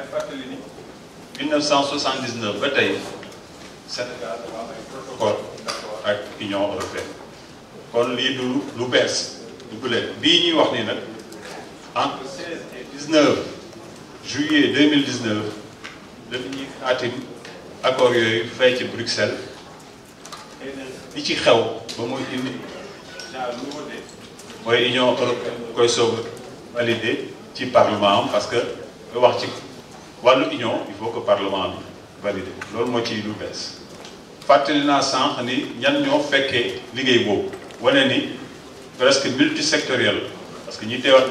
may fàttali ni 1979 ba tey Sénégal dafa am ak Union européenne kon lii du lu bees duguleen bii ñuy wax nii nag juillet 2019 ñuy xaatim accord yooyu fay ci Bruxelles li ci xew ba mooy Union européenne koy soog valider ci parlement am parce que wax ci wàllu union il faut que parlement bi valide loolu moo ci lu bees fàttali naa sànq ni ñan ñoo fekkee liggéey boobu wane ni presque multisectoriel la parce que ñii teewaat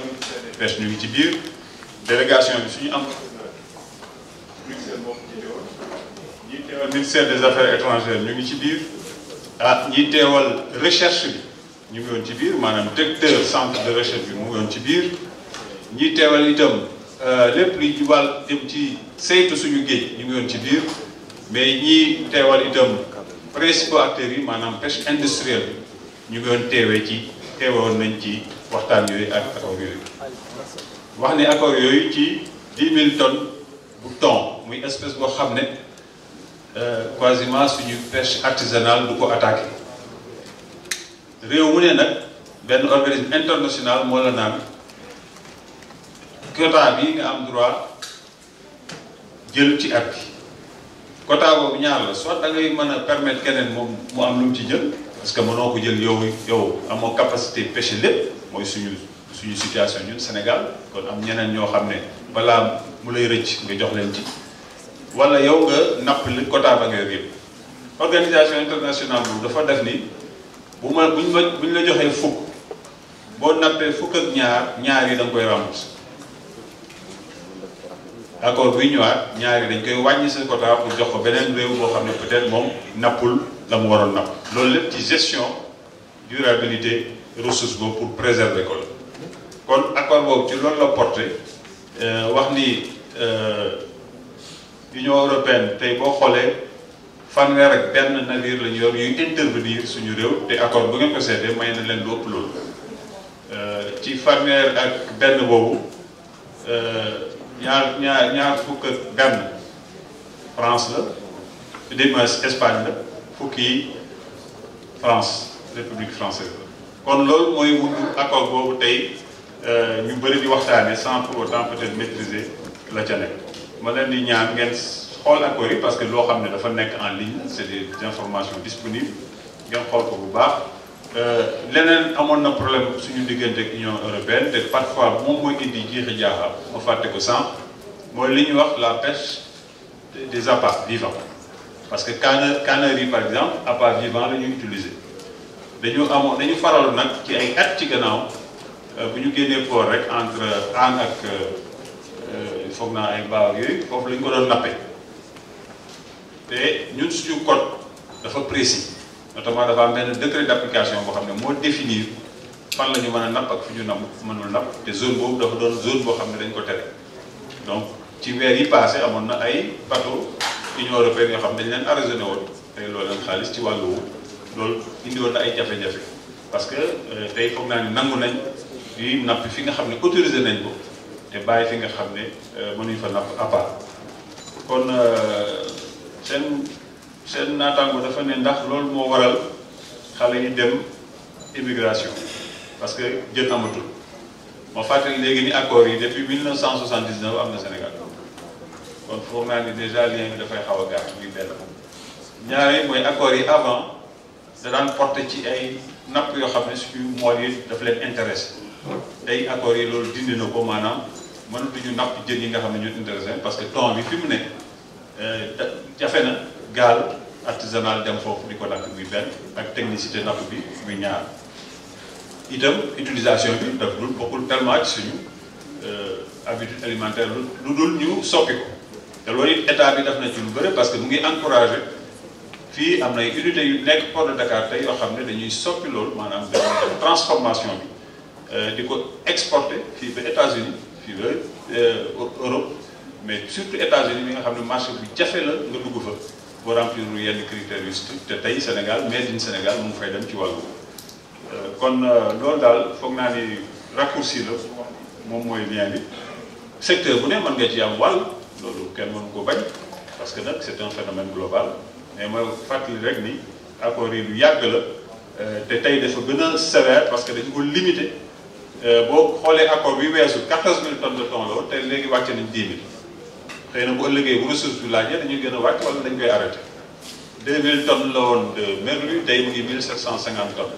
pêche ñu ngi ci biir délégation bi suñu am ñi teewal ministère des affaires étrangères ñu ngi ci biir ah ñi teewal recherche bi ñu ngi woon ci biir maanaam directeur centre de recherche bi mu ngi woon ci biir ñi teewal itam Euh, lépp li wàll jëm ci saytu suñu géej ñu ngi woon ci biir mais ñi teewal itam principaux acteurs yi maanaam pêche industrielle ñu ngi woon teewee ci teewoon nañ ci waxtaan yooyu ak accord yooyu wax ni accord yooyu ci 10 000 tonnes bu ton muy espèce boo xam ne euh, quasiment suñu pêche artisanale du ko attaque réew mu ne nag benn organisme international moo la naan quota bi nga am droit jël ci at bi quota ñaar la soit da ngay mën a permettre keneen moom mu am lu mu ci jël parce que mënoo ko jël yow yow amoo capacité pêche lépp mooy suñu suñu situation ñun Sénégal kon am ñeneen ñoo xam ne balaa mu lay rëcc nga jox leen ci wala yow nga napp li quota ba nga yor yëpp organisation internationale boobu dafa def ni bu ma buñ ma buñ la joxee fukk boo nappee fukk ak ñaar ñaar yi da koy rembourser accord buy ñëwaat ñaari dañ koy wàññi sa quota pour jox ko beneen réew boo xam ne peut-être moom nappul la mu waroon napp loolu lépp ci gestion durabilité ressource boobu pour ko la kon accord boobu ci loolu la porté euh, wax ni euh, Union européenne tey boo xoolee fanweer ak benn navire lañu ñu yor yuy intervenir suñu réew te accord bu ngeen ko seetee may na leen lu ëpp loolu euh, ci fanweer ak benn boobu. ñaar ñaar ñaar fukk ak benn France la démas Espagne la fukki yi France république française la kon loolu mooy wundu accord boobu tey euh, ñu bëri di waxtaane sans pour autant peut-être maîtriser la ca nekk ma leen di ñaan ngeen xool accord yi parce que loo xam ne dafa nekk en ligne c'est des informations disponibles ngeen xool ko bu baax Euh, leneen amoon na problème suñu diggante ak Union européenne te parfois moom mooy indi jiixi jaaxa ma fàtte ko sànq mooy li ñuy wax la pêche des appâts vivants parce que canne canneries par exemple appât vivant la ñuy utiliser dañu amoon dañu faral nag ci ay at ci gannaaw euh, bu ñu génnee port rek entre Hann ak euh, foog naa ay baaw yooyu foofu la ñu ko doon nappe te ñun suñu code dafa précis. notamment dafa am benn décret d' boo xam ne moo définir fan la ñu mën a napp ak fu ñu napp mënul napp te zone boobu dafa doon zone boo xam ne dañ ko te donc ci weer yi passé amoon na ay bateau union européenne yoo xam dañ leen arraisonné woon tey loolu leen xaalis ci wàllu woowu loolu indi woon na ay jafe-jafe parce que euh, tey foog naa ne nangu nañ fii napp fi nga xam ne autorisé nañ ko te bàyyi fi nga xam ne euh, mënuñ fa napp à part kon euh, seen seen naataango dafa ne ndax loolu moo waral xale yi dem immigration parce que jën amatul ma fàttali léegi ni accords yi depuis 1979 am na Sénégal kon foog naa ni déjà lien dafay xaw a gaaw muy benn ñaare mooy accords yi avant da daan porté ci ay napp yoo xam ne suñu mool yi daf leen intéressé tey accords yi loolu dindi na ko maanaam mënatuñu napp jën yi nga xam ne ñu intéressé parce que temps bi fi mu ne euh, jafe na gaal artisanal dem foofu di ko lakk muy benn ak technicité napp bi muy ñaar itam utilisation bi daf dul bokkul tellement ci suñu euh, habitude alimentaire lu dul ñu soppi ko te loolu it état bi def na ci bëri parce que mu ngi encouragé fii am na ay yu nekk port de Dakar tey yoo xam ne dañuy soppi loolu maanaam dañuy transformation bi euh, di ko exporter fii ba États-Unis fii ba euh, Europe mais surtout États-Unis bi nga xam ne marché bu jafe la nga dugg fa. boo remplir yenn critères yu te tey Sénégal made in Sénégal mu fay dem ci wàllu euh, kon euh, loolu daal foog naa ni raccourci la moom mooy lien bi secteur bu ne mën nga ci am wàll loolu kenn mënu ko bañ parce que nag c'est un phénomène global mais mooy fàttali rek ni accord yi lu yàgg la euh, te tey dafa gën a sévère parce que dañu ko limité boo xoolee accord bi weesu 14000 tonnes de thon la woon léegi wàcce nañ 10 000 xëy na bu ëllëgee bu ressource bi laajee dañuy gën a wàcc wala dañ koy arrêté 2000 tonnes la woon de merlu tey mu ngi 1750 tonnes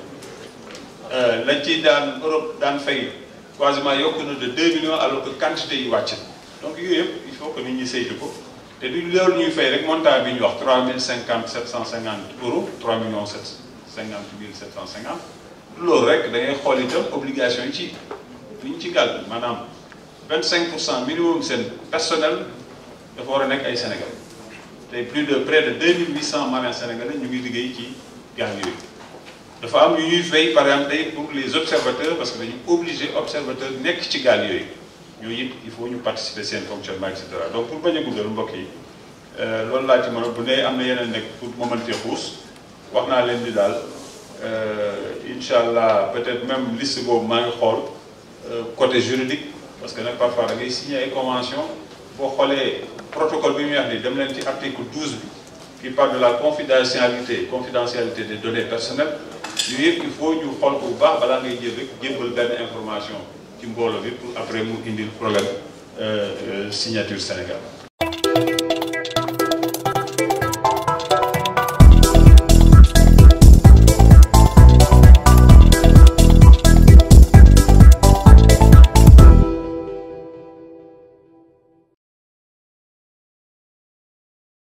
euh, lañ ci daan Europe daan fay quasiment yokk na de 2 millions alors que quantité yi wàcc na donc yooyu yëpp il faut que nit ñi saytu ko te lu loolu ñuy fay rek montant bi ñu wax cinquante 3050 750 euros 3 millions 750 mille 750 loolu rek da ngay xool itam obligation yi ci li ñu ci gàll maanaam 25 pour cent minimum seen personnel dafa war a nekk ay Sénégal tey plus de près de 2800 marins sénégalais ñu ngi liggéey ci gaal yooyu dafa am yu ñuy fay par exemple tey pour les observateurs parce que dañu obligé observateurs nekk ci gaal yooyu yooyu it il faut ñu participer seen fonctionnement et cetera donc pour bañ a guddal mbokk yi euh, loolu laa ci mën bu nee am na yeneen nekk pour momante xuus wax naa leen di daal euh, incha allah peut-être même liste boobu maa ngi xool euh, côté juridique parce que nag parfois boo xoolee protocole bi muy wax ni dem leen ci article 12 bi qui par de la confidentialité confidentialité des données personnelles yooyu yëpp il faut ñu xool ko bu baax balaa ngay jël rek jébbal benn information ci mbooloo bi pour après mu indil problème euh, euh, signature Sénégal